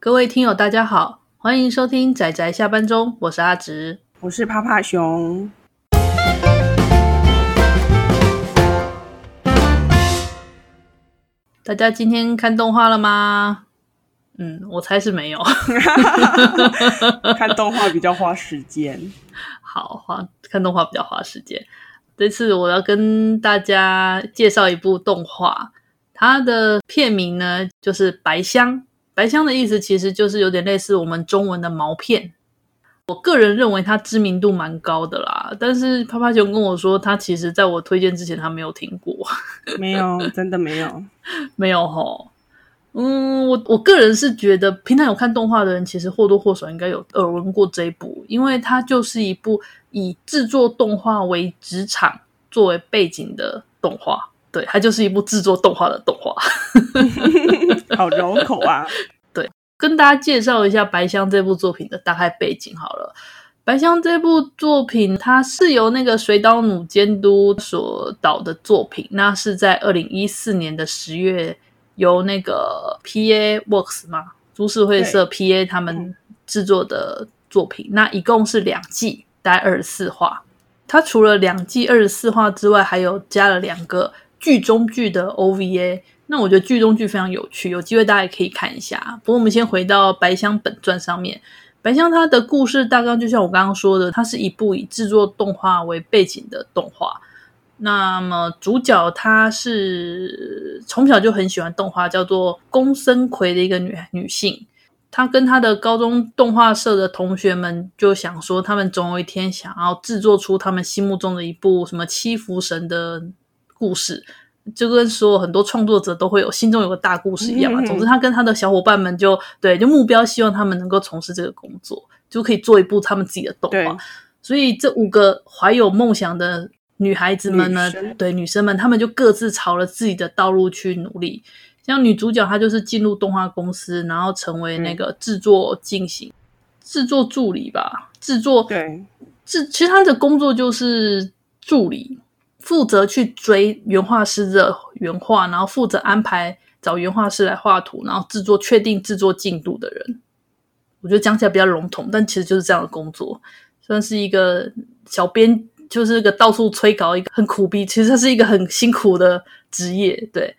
各位聽友，大家好，歡迎收聽《宅宅下班中》，我是阿直，我是帕帕熊。大家今天看動畫了嗎？嗯，我猜是沒有。 看動畫比較花時間，好花，看動畫比較花時間。這次我要跟大家介紹一部動畫，它的片名呢就是《白箱》。白箱的意思其實就是有點類似我們中文的毛片。我個人認為它知名度蠻高的啦，但是啪啪熊跟我說，他其實在我推薦之前他沒有聽過，沒有，真的沒有， 沒有吼。嗯，我我個人是覺得平常有看動畫的人，其實或多或少應該有耳聞過這一部，因為它就是一部以制作動畫為職場作為背景的動畫，對，它就是一部制作動畫的動畫。 好繞口啊！ 對，跟大家介紹一下《白箱》這部作品的大概背景好了。《白箱》這部作品，它是由那個水島努監督所導的作品，那是在二零一四年的十月由那個 PA Works 嘛，株式會社 PA 他們制作的作品，對那一共是兩季，大概二十四話。它除了兩季二十四話之外，還有加了兩個劇中劇的 OVA。那我覺得劇中劇非常有趣，有機會大家也可以看一下。不過我們先回到《白箱》本傳上面，《白箱》它的故事大概就像我剛剛說的，它是一部以制作動畫為背景的動畫。那麼主角她是從小就很喜歡動畫，叫做宮生葵的一個女女性。她跟她的高中動畫社的同學們就想說，他們總有一天想要制作出他們心目中的一部什麼七福神的故事。就跟所有很多創作者都會有心中有個大故事一樣嘛。嗯、總之，他跟他的小夥伴們就對，就目標希望他們能夠從事這個工作，就可以做一部他們自己的動畫。對所以，這五個懷有夢想的女孩子們呢，女生對，女生們，她們就各自朝了自己的道路去努力。像女主角，她就是進入動畫公司，然後成為那個制作進行、嗯、制作助理吧，制作對，制其實她的工作就是助理。負責去追原畫師的原畫，然後負責安排找原畫師來畫圖，然後制作，確定制作進度的人，我覺得講起來比較籠統，但其實就是這樣的工作，算是一個小編，就是個到處催稿一個很苦逼，其實它是一個很辛苦的職業。對，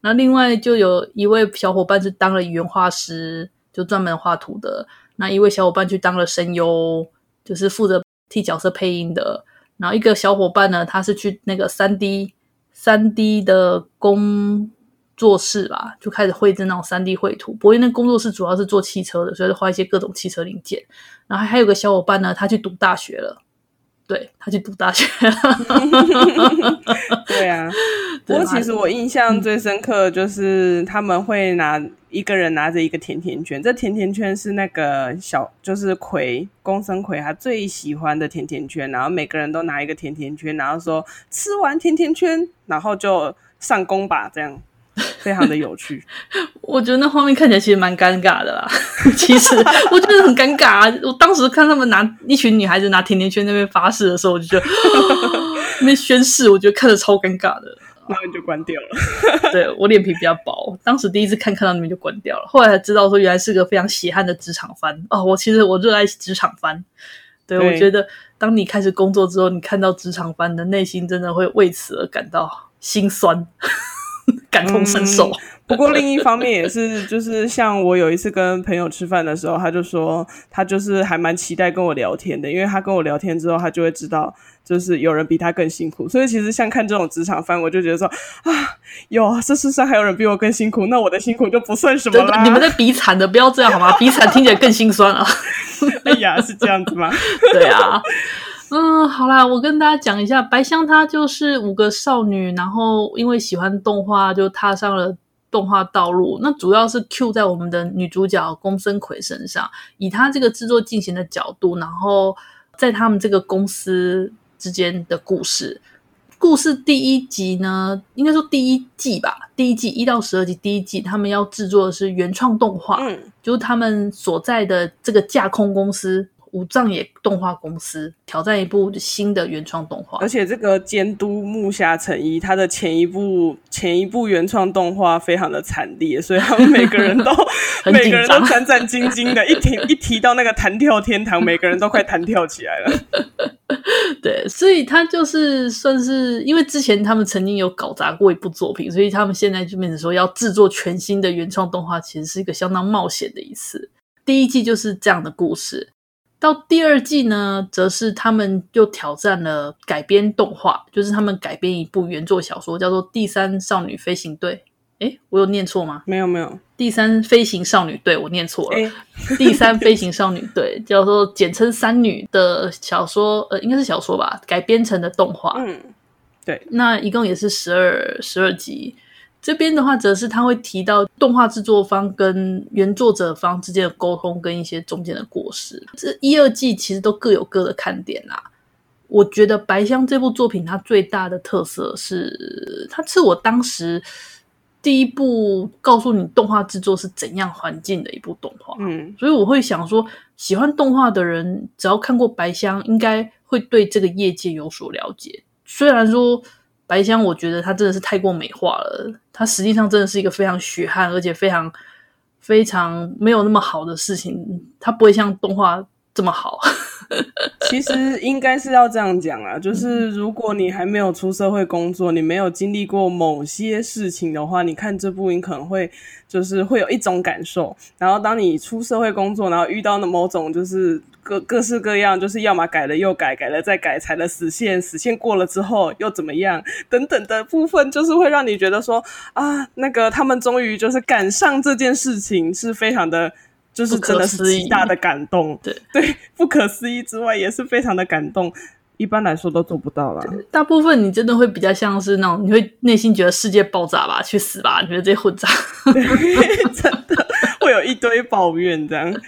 那另外就有一位小伙伴是當了原畫師，就專門畫圖的，那一位小伙伴去當了聲優，就是負責替角色配音的。然後一個小伙伴呢，他是去那個三 D 三 D 的工作室吧，就開始繪製那種三 D 繪圖。不過那工作室主要是做汽車的，所以就畫一些各種汽車零件。然後還有個小伙伴呢，他去讀大學了。對，他去讀大學了， 對啊。不過、 啊、 其實我印象最深刻的就是他們會拿一個人拿着一個甜甜圈，這甜甜圈是那個小就是葵宮森葵他最喜歡的甜甜圈，然後每個人都拿一個甜甜圈，然後說吃完甜甜圈，然後就上工吧這樣。非常的有趣， 我覺得那畫面看起來其實蠻尷尬的啦。 其實我覺得很尷尬啊！我當時看他們拿一群女孩子拿甜甜圈那邊發誓的時候，我就覺得那邊宣誓，我覺得看着超尷尬的，然後你就關掉了。 對，我臉皮比較薄，當時第一次看看到那邊就關掉了。後來才知道說，原來是個非常血汗的職場番哦，我其實我熱愛職場番，對，對我覺得，當你開始工作之後，你看到職場番的內心真的會為此而感到心酸。感同身受、嗯。不過另一方面也是， 就是像我有一次跟朋友吃飯的時候，他就說他就是還蠻期待跟我聊天的，因為他跟我聊天之後，他就會知道就是有人比他更辛苦。所以其實像看這種職場番，我就覺得說啊，有啊，這世上還有人比我更辛苦，那我的辛苦就不算什麼吧？你們在比慘的，不要這樣好嗎？比慘聽起來更心酸啊。 哎呀，是這樣子嗎？對啊。 嗯，好啦，我跟大家講一下，白箱她就是五個少女，然後因為喜歡動畫，就踏上了動畫道路。那主要是 cue 在我們的女主角宮森葵身上，以她這個制作進行的角度，然後在他們這個公司之間的故事。故事第一集呢，應該說第一季吧，第一季一到十二集，第一季他們要制作的是原創動畫，嗯，就是他們所在的這個架空公司。武藏野動畫公司挑戰一部新的原創動畫，而且這個監督木下誠一，他的前一部前一部原創動畫非常的慘烈，所以他們每個人都 張每個人都戰戰兢兢的。一提一提到那個彈跳天堂， 每個人都快彈跳起來了。 對，所以他就是算是因為之前他們曾經有搞砸過一部作品，所以他們現在就變成說要製作全新的原創動畫，其實是一個相當冒險的一次。第一季就是這樣的故事。到第二季呢，則是他們又挑戰了改編動畫，就是他們改編一部原作小說，叫做《第三少女飛行隊》。誒，我有念錯嗎？沒有沒有，沒有《第三飛行少女隊》，我念錯了，誒《第三飛行少女隊》，叫做簡稱三女的小說，呃，應該是小說吧，改編成的動畫。嗯，對，那一共也是十二十二集。這邊的話，則是他會提到動畫製作方跟原作者方之間的溝通，跟一些中間的過失。這一二季其實都各有各的看點啦，啊。我覺得《白箱》這部作品，它最大的特色是，它是我當時第一部告訴你動畫製作是怎樣環境的一部動畫。嗯，所以我會想說，喜歡動畫的人，只要看過《白箱》，應該會對這個業界有所了解。雖然說。《白箱》，我覺得他真的是太過美化了。他實際上真的是一個非常血汗，而且非常非常沒有那麼好的事情。他不會像動畫這麼好。 其實應該是要這樣講啊，就是如果你還沒有出社會工作，嗯嗯，你沒有經歷過某些事情的話，你看這部影片可能會就是會有一種感受。然後當你出社會工作，然後遇到了某種就是。各各式各樣，就是要麼改了又改，改了再改，才能實現，實現過了之後又怎麼樣？等等的部分，就是會讓你覺得說啊，那個他們終於就是趕上這件事情，是非常的，就是真的是極大的感動。對對，不可思議之外，也是非常的感動。一般來說都做不到啦，大部分你真的會比較像是那種，你會內心覺得世界爆炸吧，去死吧，你覺得這些混賬。 會有一堆抱怨，這樣，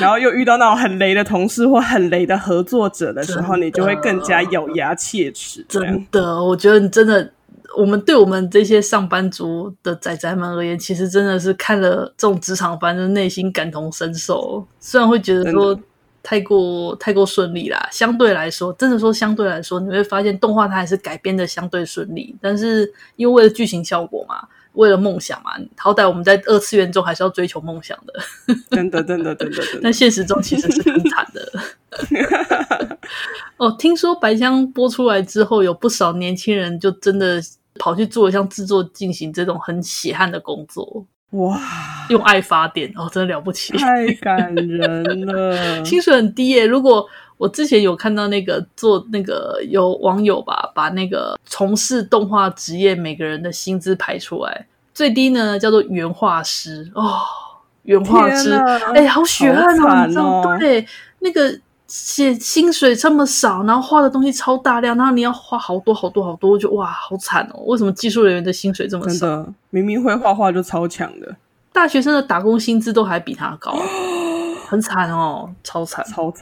然後又遇到那種很雷的同事或很雷的合作者的時候，的你就會更加咬牙切齒。真的，我覺得你真的，我們對我們這些上班族的宅宅們而言，其實真的是看了這種職場番就內心感同身受。雖然會覺得說太過的太過順利啦，相對來說，真的說相對來說，你會發現動畫它還是改編得相對順利，但是因為為了劇情效果嘛。為了夢想嘛，好歹我們在二次元中還是要追求夢想的。真的，真的，真的。 但現實中其實是很慘的。 哦，聽說《白箱》播出來之後，有不少年輕人就真的跑去做像制作進行這種很血汗的工作。哇，用愛發電哦，真的了不起，太感人了。 薪水很低耶、欸，如果。我之前有看到那個做那個有網友吧，把那個從事動畫職業每個人的薪資排出來，最低呢叫做原畫師哦，原畫師，哎哪、欸，好血汗哦，你知道，對，那個寫薪水這麼少，然後畫的東西超大量，然後你要畫好多好多好多，就哇，好慘哦！為什麼技術人員的薪水這麼少？真的，明明會畫畫就超強的大學生的打工薪資都還比他高。 很慘哦，超慘，超慘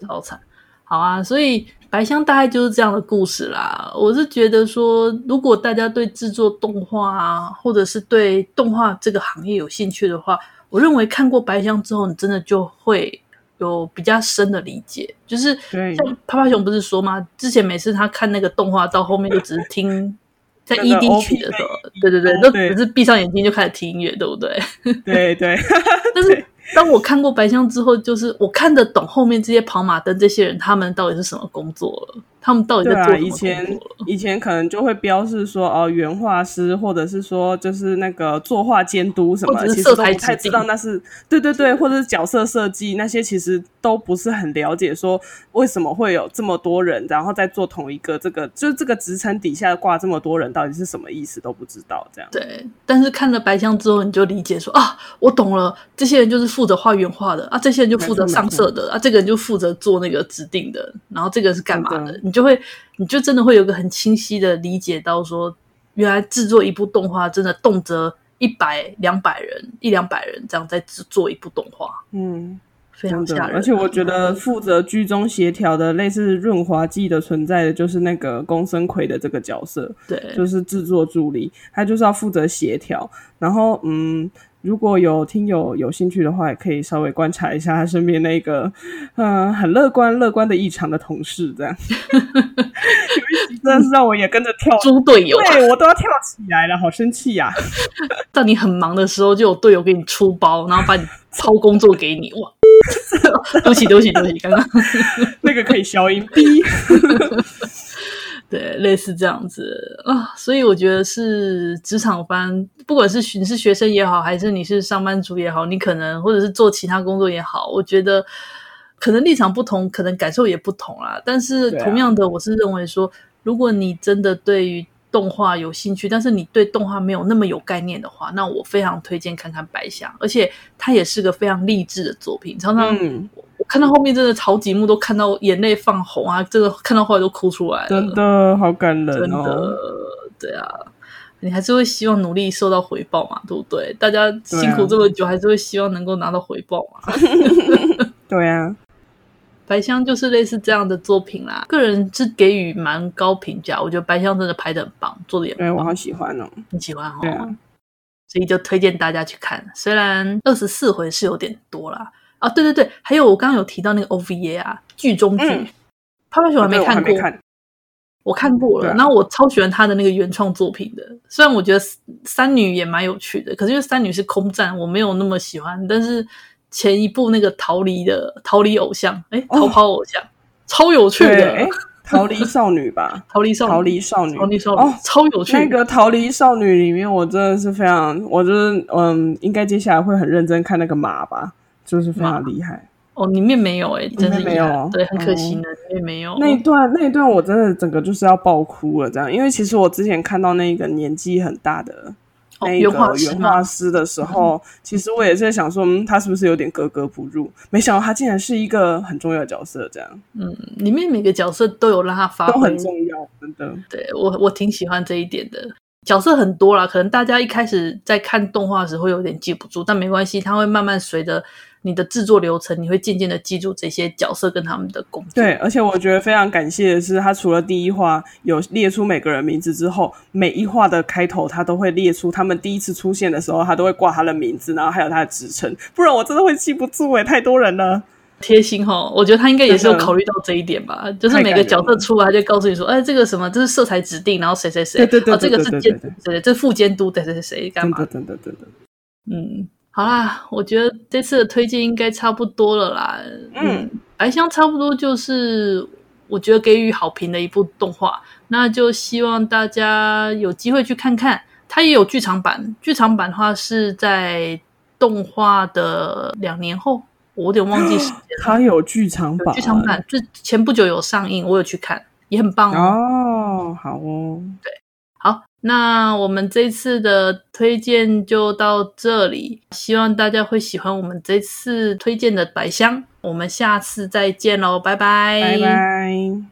慘，超慘。好啊，所以白箱大概就是這樣的故事啦。我是覺得說，如果大家對製作動畫啊，或者是對動畫這個行業有興趣的話，我認為看過白箱之後，你真的就會有比較深的理解。就是像啪啪熊不是說嗎？之前每次他看那個動畫到後面，就只是聽在 ED, ED 曲的時候，對對對，哦、對都只是閉上眼睛就開始聽音樂，對不對？對對， 但是。當我看過《白箱》之後，就是我看得懂後面這些跑馬燈這些人，他們到底是什麼工作了。他們到底在做什麼，啊，以前以前可能就會標示說哦、呃，原畫師或者是說就是那個作畫監督什麼，色彩其實不太知道那是對對對，的或者是角色設計那些其實都不是很了解，說為什麼會有這麼多人，然後在做同一個這個，就是這個職稱底下掛這麼多人，到底是什麼意思都不知道這樣。對，但是看了《白箱》之後，你就理解說啊，我懂了，這些人就是負責畫原畫的啊，這些人就負責上色的啊，這個人就負責做那個指定的，然後這個是幹嘛的？就會，你就真的會有一個很清晰的理解到說，原來製作一部動畫真的動輒一百兩百人，一兩百人這樣在製作一部動畫，嗯，非常嚇人。而且我覺得負責居中協調的，類似潤滑劑的存在的，就是那個宮森葵的這個角色，對，就是製作助理，他就是要負責協調，然後嗯。如果有聽友有，有興趣的話，也可以稍微觀察一下他身邊那個，嗯、呃，很樂觀、樂觀的異常的同事，這樣。 有一集真的是讓我也跟着跳豬隊、嗯、友、啊，對我都要跳起來了，好生氣呀、啊！當 你很忙的時候，就有隊友給你出包，然後把你操工作給你，哇！對不起，對不起，對不起，剛剛那個可以消音、D。 對，類似這樣子啊，所以我覺得是職場番，不管是你是學生也好，還是你是上班族也好，你可能或者是做其他工作也好，我覺得可能立場不同，可能感受也不同啦。但是同樣的，我是認為說，啊、如果你真的對於動畫有興趣，但是你對動畫沒有那麼有概念的話，那我非常推薦看看《白箱》，而且它也是個非常勵志的作品，常常、嗯。看到後面真的好幾幕都看到眼淚放紅啊！這個看到後來都哭出來真的好感人哦。真的，對啊，你還是會希望努力受到回報嘛，對不對？大家辛苦這麼久，啊、還是會希望能夠拿到回報嘛。對啊， 對啊，白箱就是類似這樣的作品啦。個人是給予蠻高評價，我覺得白箱真的拍的很棒，做的也，因我好喜歡哦，你喜歡哦，對啊，所以就推薦大家去看。雖然二十四回是有點多啦。啊，對對對，還有我剛剛有提到那個 OVA 啊，劇中劇，泡泡熊還沒看過，哦、我，還沒看。我看過了。啊、然後我超喜歡他的那個原創作品的，雖然我覺得三女也蠻有趣的，可是因為三女是空戰，我沒有那麼喜歡。但是前一部那個逃離的逃離偶像，哎，逃跑偶像、哦、超有趣的，哎，逃離少女吧，逃離少女，逃離少女，逃離少女，哦、超有趣的。那個逃離少女裡面，我真的是非常，我就是嗯，應該接下來會很認真看那個馬吧。就是，是非常厲害哦，裡面沒有哎、欸，真的沒有，對，很可惜呢，嗯、裡面沒有那一段，嗯、那一段我真的整個就是要爆哭了，這樣，因為其實我之前看到那個年紀很大的那個原畫師的時候，哦、其實我也是在想說，嗯，他是不是有點格格不入？嗯、沒想到他竟然是一個很重要的角色，這樣，嗯，裡面每個角色都有讓他發揮，都很重要，真的，對，我我挺喜歡這一點的。角色很多啦，可能大家一開始在看動畫的時候會有點記不住，但沒關係，它會慢慢隨着你的制作流程，你會漸漸的記住這些角色跟他們的工作。對，而且我覺得非常感謝的是，他除了第一話有列出每個人名字之後，每一話的開頭他都會列出他們第一次出現的時候，他都會掛他的名字，然後還有他的職稱，不然我真的會記不住誒、欸，太多人了。貼心哈，我覺得他應該也是有考慮到這一點吧，的就是每個角色出來就告訴你說，哎、欸，這個什麼，這是色彩指定，然後誰誰誰，對對對，啊、這個是監督，誰誰，這是副監督，誰誰誰幹嘛？等等等等。嗯，好啦，我覺得這次的推薦應該差不多了啦。嗯，嗯，白箱差不多就是，我覺得給予好評的一部動畫，那就希望大家有機會去看看。它也有劇場版，劇場版的話是在動畫的兩年後。我有點忘記時間了。它有劇場版，劇場版就前不久有上映，我有去看，也很棒哦。好哦，對，好，那我們這次的推薦就到這裡，希望大家會喜歡我們這次推薦的《白箱》。我們下次再見嘍，拜拜，拜拜。